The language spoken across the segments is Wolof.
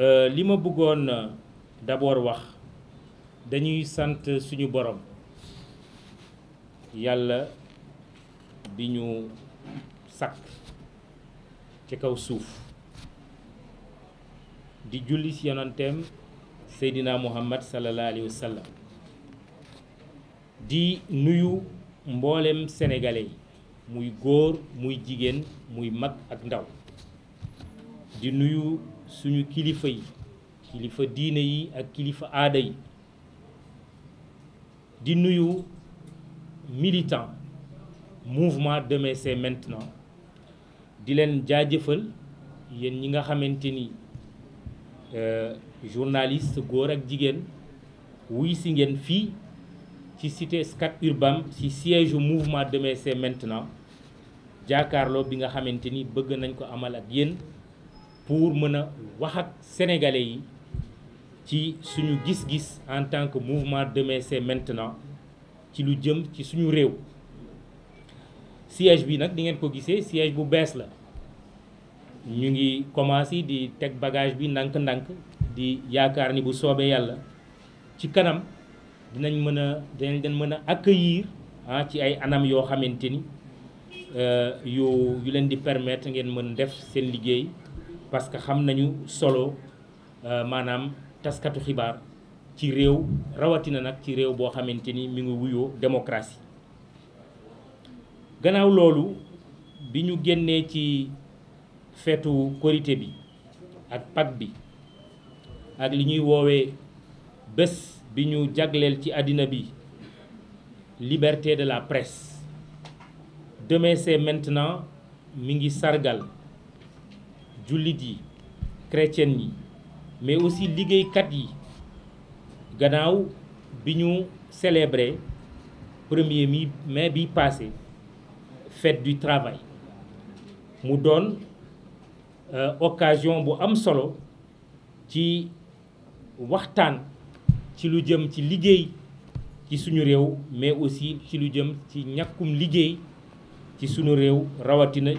Euh, li ma bëggoon euh, d'abord wax dañuy sant suñu borom yàlla bi ñu sàkk ci kaw suuf di julli ci yonanteem Seydina Muhammad sallallahu alayhi di nuyu mboolem sénégalais muy góor muy jigéen muy mag ak ndaw di nuyu suñu kilifa yi kilifa diine yi ak kilifa aada yi di nuyu militant mouvement Demain c'est maintenant di leen jaajëfal yéen ñi nga xamante ni euh, journaliste góor ak jigéen wuy si ngeen fii ci cité Scat Urbam ci siège mouvement Demain c'est maintenant jàkkaarloo bi nga xamante ni bëgg nañ ko amal ak yéen pour mën a wax ak sénégalais yi ci suñu gis-gis en tant que mouvement Demain c'est maintenant ci lu jëm ci suñu réew siège bi nag di ngeen ko gisee siège bu bees la ñu ngi commencé di teg bagage bi ndànk-ndànk di yaakaar ni bu soobee yàlla ci kanam dinañ mën a dinañ leen mën a accueillir ah ci ay anam yoo xamante ni Euh, yu yu leen di permettre ngeen mën def seen liggéey parce que xam nañu solo euh, maanaam taskatu xibaar ci réew rawatina nag ci réew boo xamante ni mi ngi wuyoo démocratie gannaaw loolu bi ñu génnee ci feetu korité bi ak Pâques bi ak li ñuy woowee bés bi ñu jagleel ci àddina bi liberté de la presse demain c'est maintenant mi ngi sargal jullit yi chrétiens yi mais aussi liggéeykat yi gannaaw bi ñu célébrer premier mi mai bi passé fête du travail mu doon euh, occasion bu am solo ci waxtaan ci lu jëm ci liggéey ci suñu réew mais aussi ci lu jëm ci ñàkkum liggéey ci sunu réew rawatina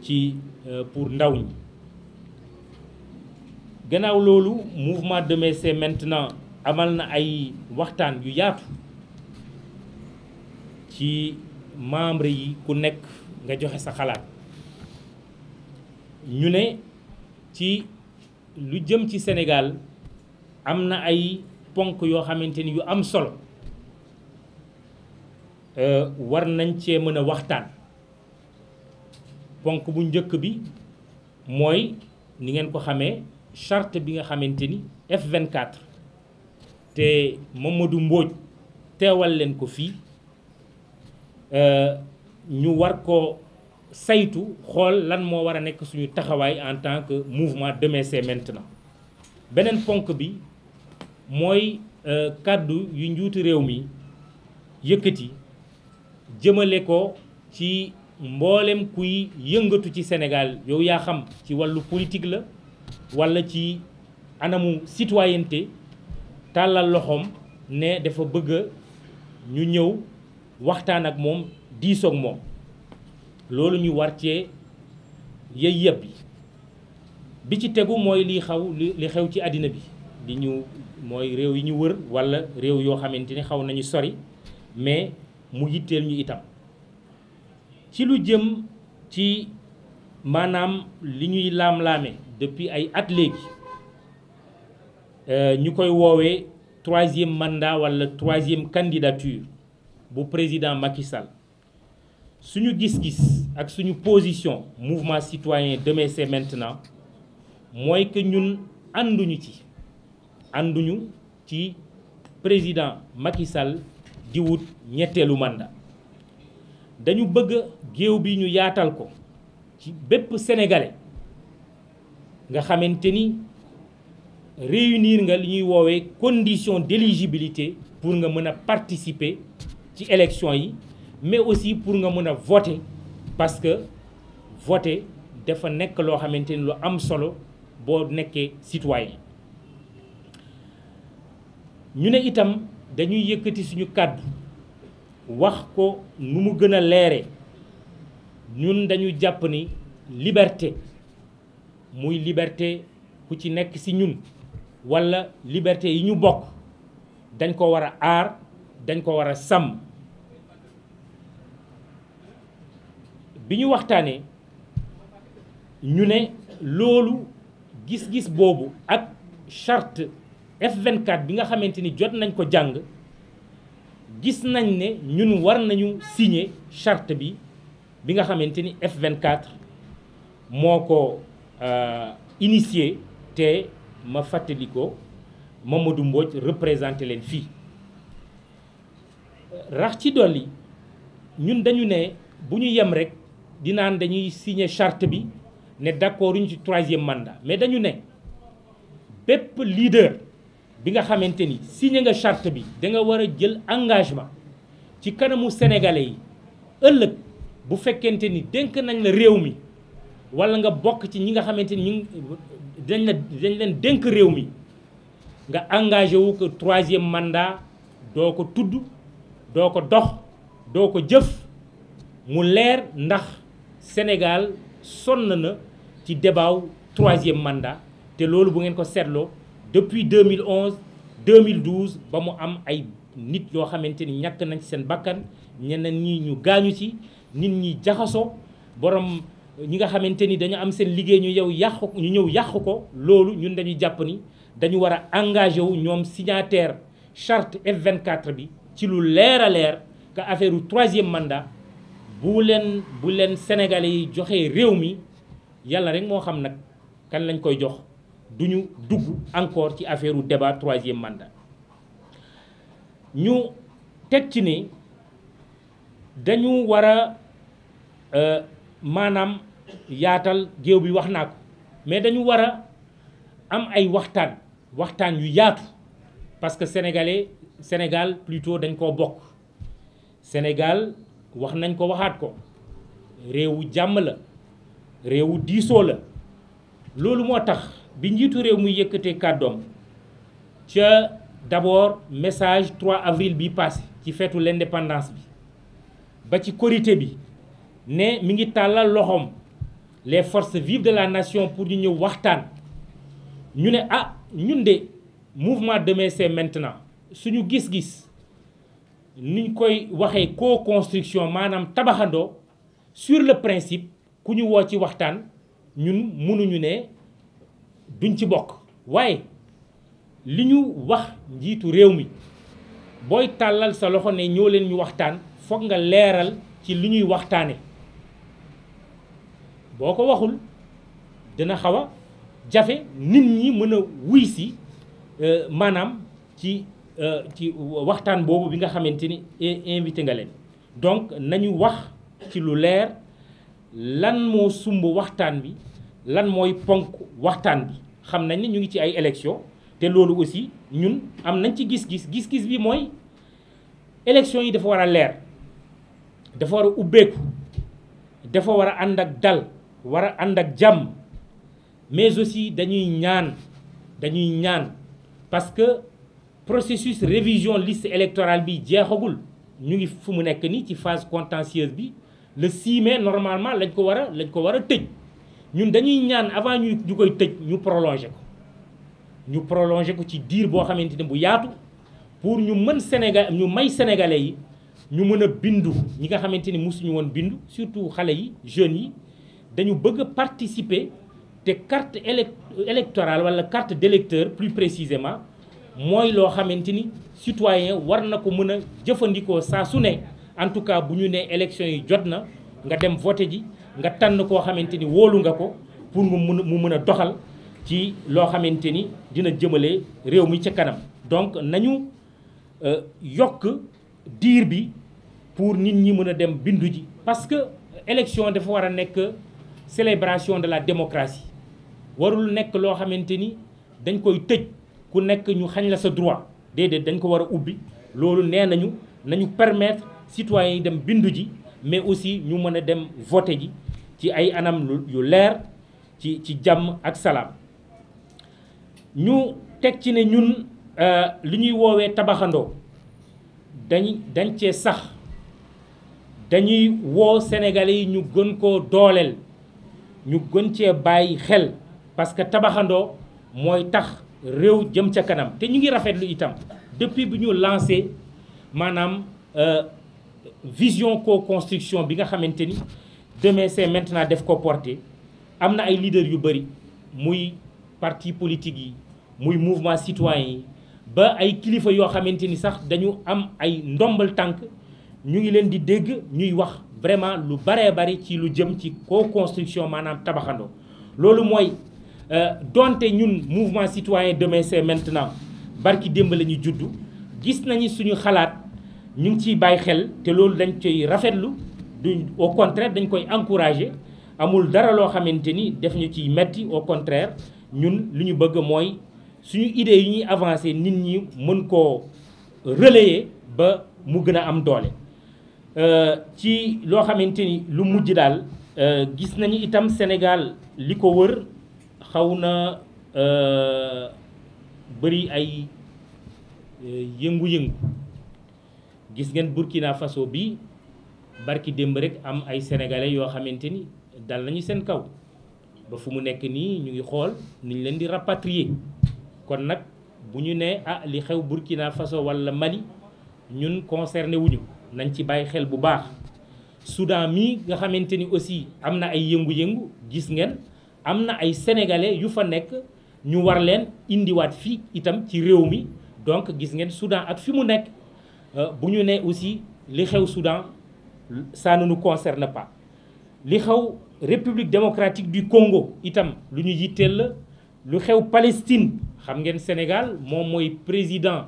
ci euh, pour ndaw ñi gannaaw loolu mouvement Demain c'est maintenant amal na ay waxtaan yu yaatu ci membre yi ku nekk nga joxe sa xalaat ñu ne ci lu jëm ci Sénégal am na ay ponk yoo xamante ni yu am solo Euh, war nañ cee mën a waxtaan ponk bu njëkk bi mooy ni ngeen ko xamee charte bi nga xamante ni F24 te Mamadou Mbodj teewal leen ko fii euh, ñu war ko saytu xool lan moo war a nekk suñu taxawaay en tant que mouvement demain c'est maintenant beneen ponk bi mooy euh, kàddu yu njuuti réew mi yëkkati jëmale ko ci mboolem kuy yëngatu ci Sénégal yow yaa xam ci wàllu politique la walla ci anamu citoyenneté tàllal loxoom ne dafa bëgg ñu ñëw waxtaan ak moom diisoog moom loolu ñu war cee yëy yi bi ci tegu mooy li xaw li xew ci àddina bi li ñu mooy réew yi ñu wër walla réew yoo xamante ni xaw nañu sori mu yitteel ñu itam ci lu jëm ci maanaam li ñuy laam-laame depuis ay at léegi euh, ñu koy woowee troisième mandat walla troisième candidature bu président Macky Sall suñu gis-gis ak suñu position mouvement citoyen demain c'est maintenant mooy que ñun ànduñu ci ànduñu ci président Macky di wut ñetteelu mandat dañu bëgg géew bi ñu yaatal ko ci bépp sénégalais nga xamante ni réunir nga li ñuy woowee condition d'éligibilité pour nga mën a participer ci élection yi mais aussi pour nga mën a voter parce que voter dafa nekk loo xamante ni lu am solo boo nekkee citoyen ñu ne itam dañuy yëkkati suñu kàddu wax ko nu mu gën a leere ñun dañu jàpp ni liberté muy liberté ku ci nekk ci ñun walla liberté yi ñu bokk dañ ko war a aar dañ ko war a sàmm bi ñu waxtaanee ñu ne loolu gis-gis boobu ak charte F24 bi nga xamante ni jot nañ ko jàng gis nañ ne ñun war nañu signe charte bi bi nga xamante ni F24 moo ko euh, initié te ma fàttali ko Mamadou Mbodj représenté leen fii rax ci dolli ñun dañu ne bu ñu yem rek dinaan dañuy signer charte bi ne d'accord ñu ci troisième mandat mais dañu ne bépp leader bi nga xamante ni signé nga charte bi da nga war a jël engagement ci kanamu sénégalais yi ëllëg bu fekkente ni dénk nañ la réew mi wala nga bokk ci ñi nga xamante ni ñu dañ la dañ leen dénk réew mi nga engagé wu ko troisième mandat doo ko tudd doo ko dox doo ko jëf mu leer ndax Sénégal sonn na ci débaaw troisième mandat te loolu bu ngeen ko seetloo depuis 2011 2012 ba mu am ay nit yoo xamante ni ñàkk nañ seen bakkan ñeneen ñi ñu gaañu ci nit ñi jaxasoo borom ñi nga xamante ni dañu am seen liggéey ñu yow yàqu ñu ñëw yàqu ko loolu ñun dañuy jàpp ni dañu war a engagé wu ñoom signataire charte F24 bi ci lu leer a leer que affaire u troisième mandat bu leen bu leen sénégalais yi joxee réew mi yàlla rek moo xam nag kan lañ koy jox du ñu dugg encore ci affaire u débat troisième mandat ñu teg ci ni dañu war a euh, maanaam yaatal géew bi wax naa ko mais dañu war a am ay waxtaan waxtaan yu yaatu parce que sénégalais Sénégal plutôt dañ koo bokk Sénégal wax nañ ko waxaat ko réewu jàmm la réewu diisoo la loolu moo tax bi njiitu réew muy yëkkatee kàddoom ca d'abord message 3 avril bi passé ci feetu l'indépendance bi ba ci korité bi ne mi ngi tàllal loxoom les force vives de la nation pour ñu ñëw waxtaan ñu ne ah ñun de mouvement demain c'est maintenant suñu gis-gis niñ koy waxee co-construction maanaam tabaxandoo sur le principe ku ñu woo ci waxtaan ñun mënuñu ne duñ ci bokk waaye li ñu wax njiitu réew mi booy tàllal sa loxo ne ñoo leen ñu waxtaan foog nga leeral ci li ñuy waxtaane boo ko waxul dina xaw a jafe nit ñi mën a wuy si euh, maanaam ci euh, ci waxtaan boobu bi nga xamante ni invité nga leen donc nañu wax ci lu leer lan moo sumb waxtaan bi lan mooy ponk waxtaan bi xam nañ ni ñu ngi ci ay élection te loolu aussi ñun am nañ ci gis-gis gis-gis bi mooy élection yi dafa war a leer dafa war a ubbeeku dafa war a ànd ak dal war a ànd ak jàmm mais aussi dañuy ñaan dañuy ñaan parce que processus révision liste électorale bi jeexagul ñu ngi fu mu nekk nii ci phase contentieuse bi le 6 mai normalement lañ ko war a lañ ko war a tëj ñun dañuy ñaan avant ñu ñu koy tëj ñu prolonger ko ñu prolonger ko ci diir boo xamante ne bu yaatu pour ñu mën Sénégal ñu may sénégalais yi ñu mën a bindu ñi nga xamante ni mosuñu woon bindu surtout xale yi jeunes yi dañu bëgg a participer te carte élec électorale wala carte d'électeur plus précisément mooy loo xamante ni citoyen war na ko mën a jëfandikoo saa su ne en tout cas bu ñu nee élection yi jot na nga dem voté ji. nga tànn koo xamante ni wóolu nga ko pour mu mun mu mën a doxal ci loo xamante ni dina jëmale réew mi ca kanam donc nañu euh, yokk diir bi pour nit ñi mën a dem bindu ji parce que élection dafa war a nekk célébration de la démocratie warul nekk loo xamante ni dañ koy tëj ku nekk ñu xañ la sa droit déedéet dañ ko war a ubbi loolu nee nañu nañu permettre citoyens yi dem bindu ji mais aussi ñu mën a dem voter ji ci ay anam yu leer ci ci jàmm ak salaam ñu teg ci ne ñun euh, li ñuy woowee tabaxandoo dañ dañ cee sax dañuy woo Sénégalais yi ñu gën koo dooleel ñu gën cee bàyyi xel parce que tabaxandoo mooy tax réew jëm ca kanam te ñu ngi rafet rafetlu itam depuis bi ñu lancé maanaam euh, vision co-construction bi nga xamante ni demain c'est maintenant def ko porter am na ay leaders yu bëri muy parti politique yi muy mouvement citoyen yi ba ay kilifa yoo xamante ni sax dañu am ay ndombal tànk ñu ngi leen di dégg ñuy wax vraiment lu baree bari ci lu jëm ci ko construction maanaam tabaxandoo loolu mooy euh, donte ñun mouvement citoyen demain c'est maintenant barki démb la ñu judd gis nañu suñu xalaat ñu ngi ciy bàyyi xel te loolu dañ koy rafetlu du au contraire dañ koy encourager amul dara loo xamante ni def ñu ciy metti au contraire ñun lu ñu bëgg mooy suñu idée yi ñuy avancer nit ñi mën koo relayer ba mu gën a am doole. Euh, ci loo xamante ni lu mujj daal euh, gis nañu itam senegal li ko wër xaw na euh, bëri ay yëngu-yëngu gis ngeen Burkina Faso bi. barki démb rek am ay sénégalais yoo xamante ni dal nañu seen kaw ba fu mu nekk nii ñu ngi xool niñ leen di rapatrier kon nag bu ñu nee ah li xew Burkina façon walla Mali ñun concerné wuñu nañ ci bàyyi xel bu baax Soudan mi nga xamante ni aussi am na ay yëngu-yëngu gis ngeen am na ay sénégalais yu fa nekk ñu war leen indiwaat fii itam ci réew mi donc gis ngeen Soudan ak fi mu nekk euh, bu ñu nee aussi li xew Soudan ça ne nous pas li xew république démocratique du Congo itam lu ñu yitteel la lu xew Palestine xam ngeen Sénégal moom mooy président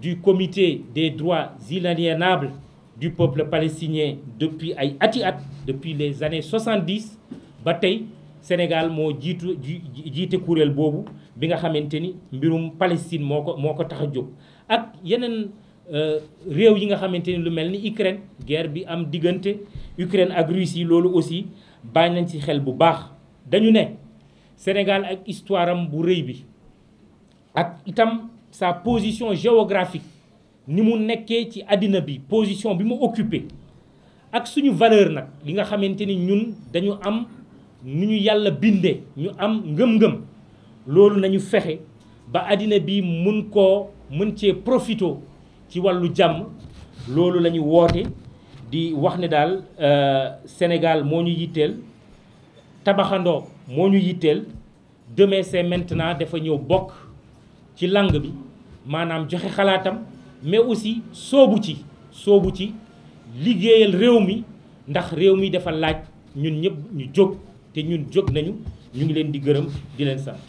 du comité des droits inaliénables du peuple palestinien depuis ay ati at depuis les années 70 ba tey Sénégal moo jiitu jiite kuréel boobu bi nga xamante ni mbirum Palestine moo ko moo ko tax a jóg ak yeneen Euh, réew yi nga xamante ni lu mel ni Ukraine guerre bi am diggante Ukraine ak Russie loolu aussi bàyyi nañ ci xel bu baax dañu ne Sénégal ak histoire bu rëy bi ak itam sa position géographique ni mu nekkee ci àddina bi position bi mu occupé ak suñu valeur nag li nga xamante ni ñun dañu am nu ñu yàlla bindee ñu am ngëm-ngëm loolu nañu fexe ba àddina bi mun koo mën cee profito ci wàllu jàmm loolu la ñu woote di wax ni daal euh, Sénégal moo ñu yitteel tabaxandoo moo ñu yitteel demain c'est maintenant dafa ñëw bokk ci langue bi maanaam joxe xalaatam mais aussi soobu ci soobu ci liggéeyal réew mi ndax réew mi dafa laaj ñun ñëpp ñu jóg te ñun jóg nañu ñu ngi leen di gërëm di leen sant.